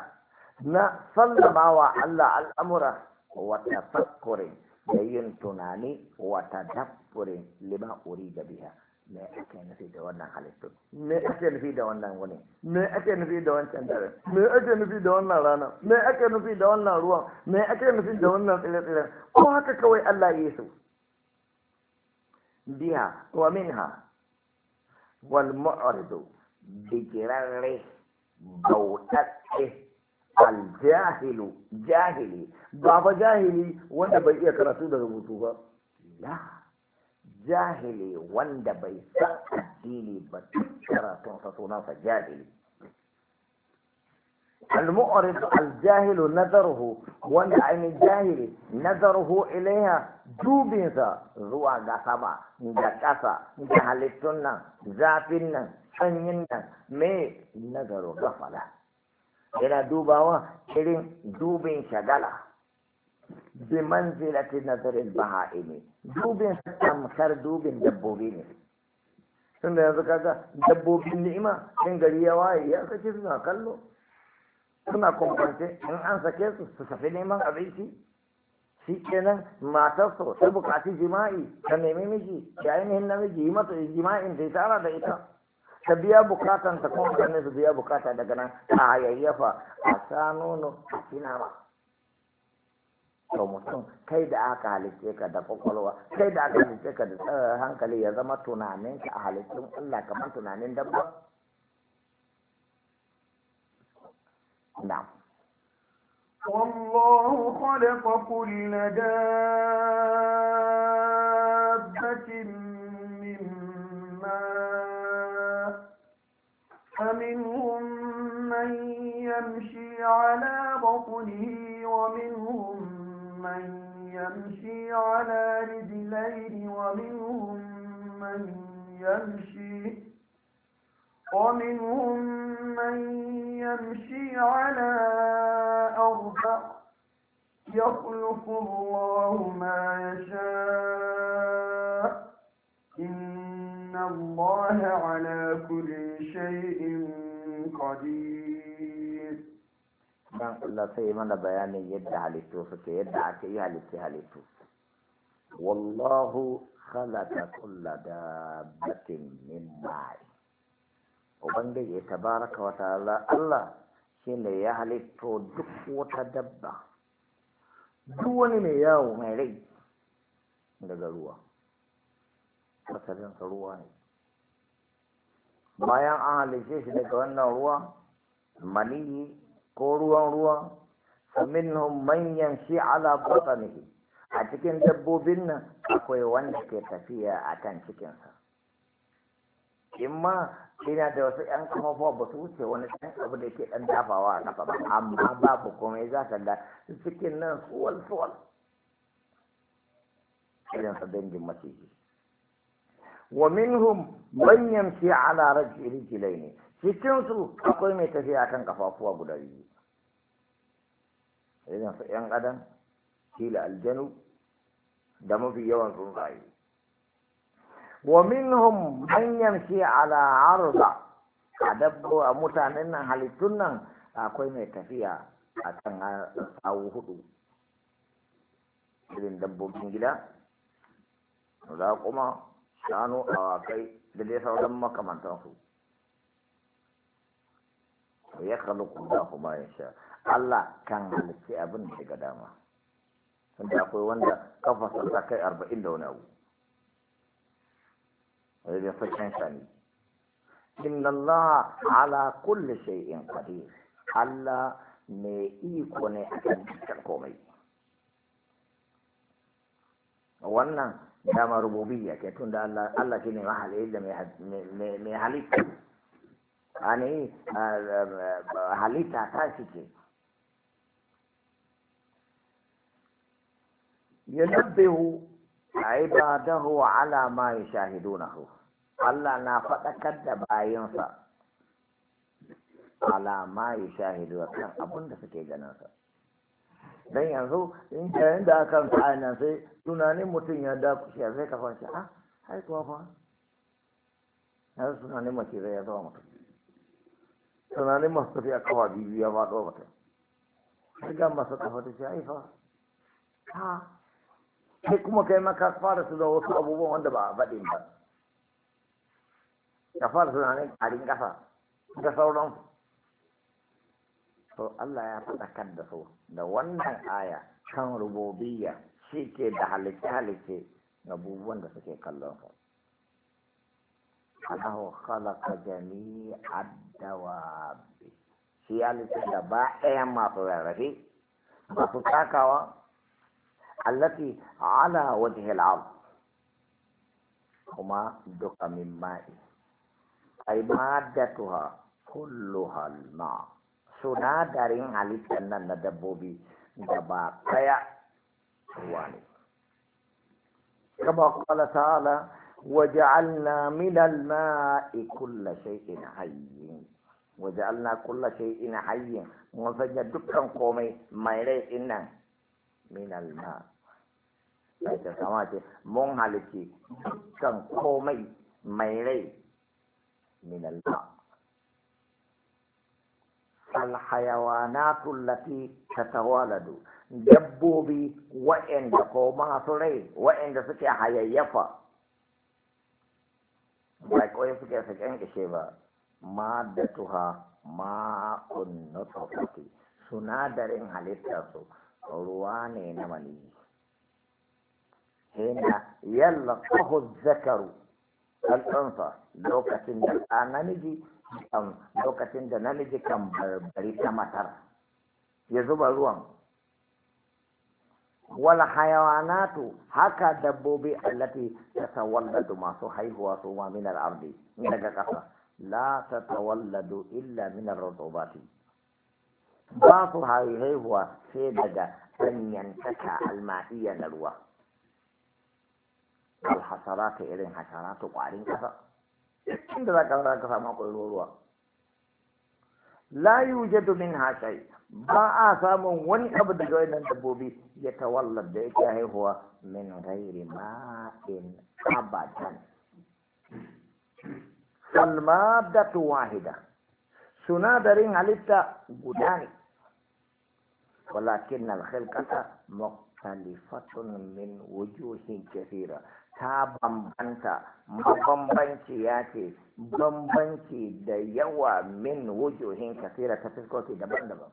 na sallamawa Allah al'amura wata fakkure da yin tunani wata dabbure lima uri da biya me ake nufi da wannan halittu me ake nufi da wannan wani me ake nufi da wancan dare me ake nufi da wannan rana me ake nufi da wannan ruwa me ake nufi da wannan tsire-tsiren ko haka kawai Allah ya su biya wa minha wal mu'ridu digirarre bautakke aljahilu jahili baba jahili wanda bai iya karatu da rubutu ba la jahili wanda bai san addini ba karatun sa sunansa jahili المؤرد الجاهل نظره وان عين الجاهل نظره إليها ƙasa, da halittun nan, zafin زافنا sanyin nan me nazaro gafala yana dubawa irin dubin shagala bi manzilati nazarin ne dubin tamkar dubin dabbobi ne tun da yanzu kaga dabbobin ni'ima in gari ya waye ya sake suna kallo suna kwamfance in an sake su su tafi neman abinci shi kenan matarsa ta bukaci jima'i ta nemi miji da na namiji yi mata jima'in da ya tara da ita ka biya bukatan ta kuma ne su biya bukata daga nan a yayyafa a sa nono a sinama to mutum kai da aka halitte ka da kwakwalwa kai da aka halitte ka da hankali ya zama tunanin ka a halittun Allah kamar tunanin dabba na'am والله خلق كل da. فمنهم من يمشي على بطنه ومنهم من يمشي على رجلين ومنهم من يمشي ومنهم من يمشي على أربع يخلق الله ما يشاء الله على كل شيء قدير dan Allah sai mana bayanin yadda halittu suke yadda aka yi halitti halittu wallahu khalaqa kulla dabbatin min ma'i ubangiji tabaraka wa ta'ala Allah shine ya halitto duk wata dabba duk wani mai yawo mai rai daga ruwa asalinsa ruwa ne bayan an halice shi daga wannan ruwa maniyi ko ruwan ruwa faminhum man yamshi ala batnihi a cikin dabbobin nan akwai wanda ke tafiya a kan cikinsa imma ina da wasu yan kafafuwa ba su wuce wani ɗan abu da ke ɗan dafawa a ba amma babu komai za ka ga cikin nan suwal suwal irin sa dangin maciji wa minhum man yamshi ala rajlihi cikin su akwai mai tafiya kan kafafuwa guda biyu irin su yan adam kila aljanu da mafi yawan tsuntsaye wa minhum man yamshi ala arda a dabbo a mutanen nan halittun nan akwai mai tafiya a kan tsawo hudu irin dabbobin gida za kuma. shanu awakai da dai sauran makamantansu ya kaluku da kuma ya sha Allah kan halitta abin da ga dama Da akwai wanda kafasa ta kai arba'in da wani abu wani da fashin shani inna Allah ala shai in qadir Allah mai iko ne kan dukkan komai wannan داما ربوبية كتون دا الله الله كني محل إيه دم يحد م م محلك أنا إيه محلك ينبه عباده على ما يشاهدونه الله نافت كذب آيانسا على ما يشاهدونه أبون دفكي جنانسا dan yanzu in yayin da aka sa ainihin sai tunanin mutum ya da dakushe sai ka fashe a ah, haikuwa fa yanzu tunanin mace zai ya zama mutum tunanin masu tafiya kawa biyu ya ma zama mutum sai ga masu kafa ta ce fa ha sai kuma kai maka fara su da wasu abubuwan wanda ba a faɗi ba ka fara tunanin ƙarin ƙasa da sauransu to Allah ya kan da su da wannan aya kan rububiyya shi ke da halice-halice abubuwan da suke kallon su Allahu khalaqa jami'ad dawabi shi halice da ba ɗaya masu rarrafe masu takawa allati ala wajhi al kuma duka min ma'i ay maddatuha kulluha al-ma' sunadarin halittar nan na dabbobi gaba ɗaya ruwa ne. Gaba kwallo ta ala waje alna minal ma'i kulla shai'in hayyin. Waje alna kulla shai'in hayyin mun sanya dukkan komai mai rai innan minal ma'i. Ta sama ce mun halitta dukkan komai mai rai minal ma'i. alhayawanatu lati tatawaladu dabbobi wa'anda ko masu rai wa'anda suke hayayyafa ba kawai suke saken ishe ba ma da tuha ma kunna tsofaffi sunadarin halittar su ruwa ne na maniyi hina yalla zakaru al'unsa lokacin da namiji lokacin da namiji kan bari ta matar ya zuba ruwan wal hayawanatu haka dabbobi allati tatawalladu masu haihuwa su ma minar ardi daga kasa la tatawalladu illa minar ar-rutubati ba su haihuwa sai daga danyantaka alma'iyya na ruwa alhasarata irin hasaratu kwarin kasa duk da za ka za ka samu kwallon ruwa la yujadu min hashai ba a samun wani abu daga wannan dabbobi ya tawalla da yake haihuwa min ghairi ma'in abadan falmadatu wahida sunadarin halitta guda ne walakin alkhilqata muktalifatun min wujuhin kathira ta bambanta mabambanci ya ce bambanci da yawa min wujuhin kasira ta fiskoki daban-daban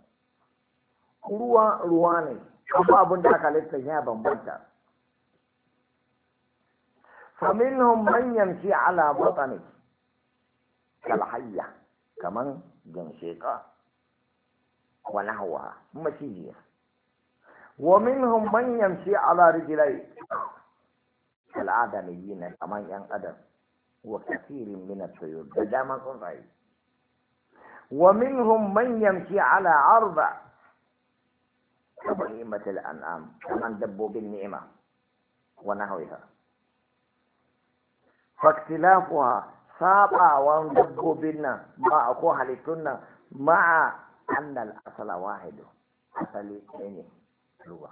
ruwa ruwa ne kuma abin da aka lissa ya bambanta faminhum man yamshi ala batani kalhayya kaman ginsheka wa nahwa macijiya wa minhum man yamshi ala rijlai العدميين كمان ين أدم وكثير من الطيور ده دائما راي ومنهم من يمشي على أربع كبهيمة الأنعام كمن دبوا بالنعمة ونحوها فاختلافها ساقا وندبوا بنا مع أخوها لتنا مع أن الأصل واحد أصلي إني لغة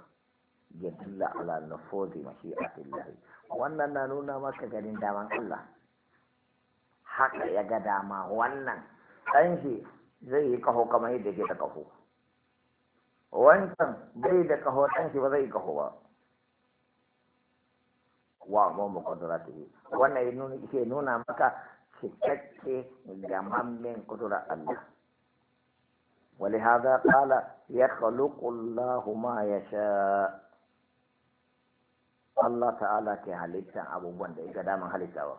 يدل على نفوذ مشيئة الله wannan na nuna maka ganin daman Allah haka ya ga dama wannan ɗan shi zai yi kaho kamar yadda ke da kaho wancan bai da kaho ɗan shi ba zai yi kaho ba wa mu mu kudratihi wannan ya nuna ke nuna maka cikakke gamammen kudura Allah ولهذا قال يخلق الله ما يشاء Allah ta'ala ke halittar abubuwan da ya daman halittawa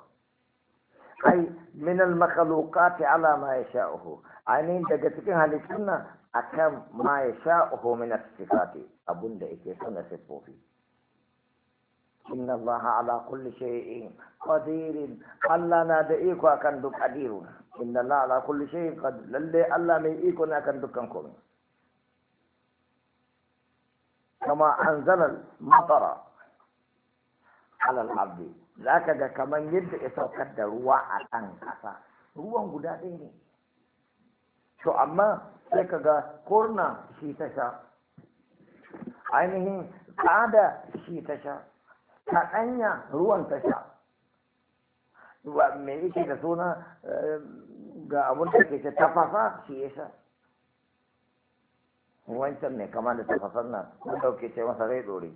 ai min al makhluqati ala ma ya yasha'uhu ainihin daga cikin halittun nan akan ma yasha'uhu min as-sifati abunda yake son sifofi inna Allah ala kulli shay'in qadir Allah na da iko akan duk qadiru inna Allah ala kulli shay'in qadir lalle Allah mai iko ne akan dukkan komai kama anzala al-matara alal abdi za ga kamar yadda ya saukar da ruwa a kan ƙasa ruwan guda ɗaya ne to amma sai ka ga korna shi ta sha ainihin tsada shi ta sha kaɗanya ruwan ta sha me yake da suna eh, ga abun da ke tafasa shi ya sha wancan ne kama da tafasan nan mun ɗauke ce masa rai ɗore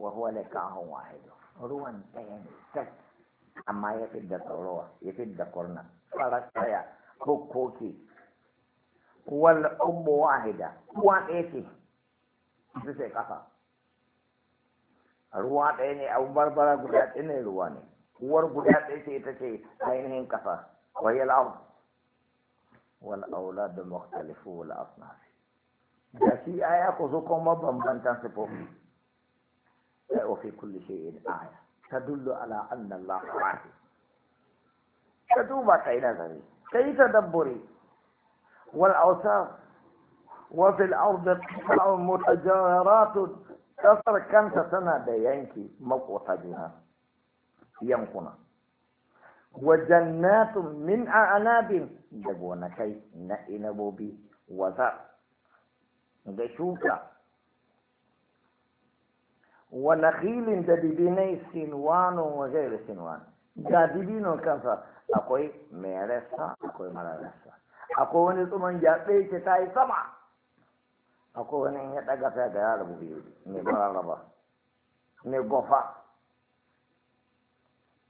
wa huwa likahun wahidu ruwan ɗaya ne tak amma ya fidda tsorowa ya fidda kurna farar tsaya ko koki wal ummu wahida uwa ɗaya ce ita ce kafa ruwa ɗaya ne abu barbara guda ɗaya ne ruwa ne uwar guda ɗaya ce ita ce ainihin kafa wayal abu wal da mukhtalifu wal asnafi da shi aya ku zo kuma bambantan sifofi وفي كل شيء آية تدل على أن الله واحد كتوبة كي نظري كي تدبري والأوصاف وفي الأرض قطع متجاورات kasar kanta tana da yanki makota juna yankuna wa jannatun min a'nabin da gonakai na inabobi wata ga shuka ونخيل دبيبيني سنوان وغير سنوان ga dibino kansa akwai mai rassa akwai mara rassa akwai wani tsuman jaɓe ke ta yi sama akwai wani ya ɗaga ta da ya rabu biyu mai bararraba mai gofa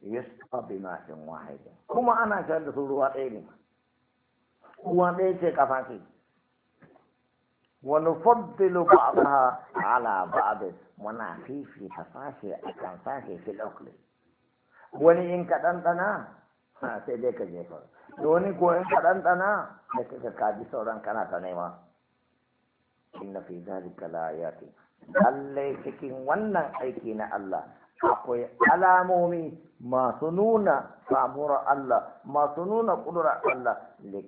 yusufa bi mashin kuma ana shayar da ruwa ɗaya ne ruwa ɗaya ce ce ونفضل بعضها على بعض منافي في تفاشي أكام فاشي في الأكل wani in ka ɗanɗana sai dai ka jefa wani ko in ka ɗanɗana da ka kaji sauran kana ta nema inna fi zalika la ayati lallai cikin wannan aiki na Allah akwai alamomi masu nuna samuwar Allah masu nuna ƙudurar Allah da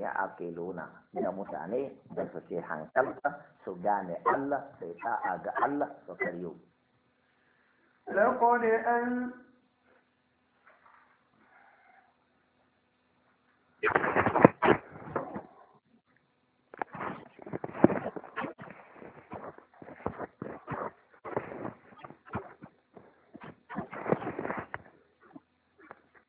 ya ake luna da mutane da ce hankalta su gane Allah sai ta'a ga Allah su karyo. لقد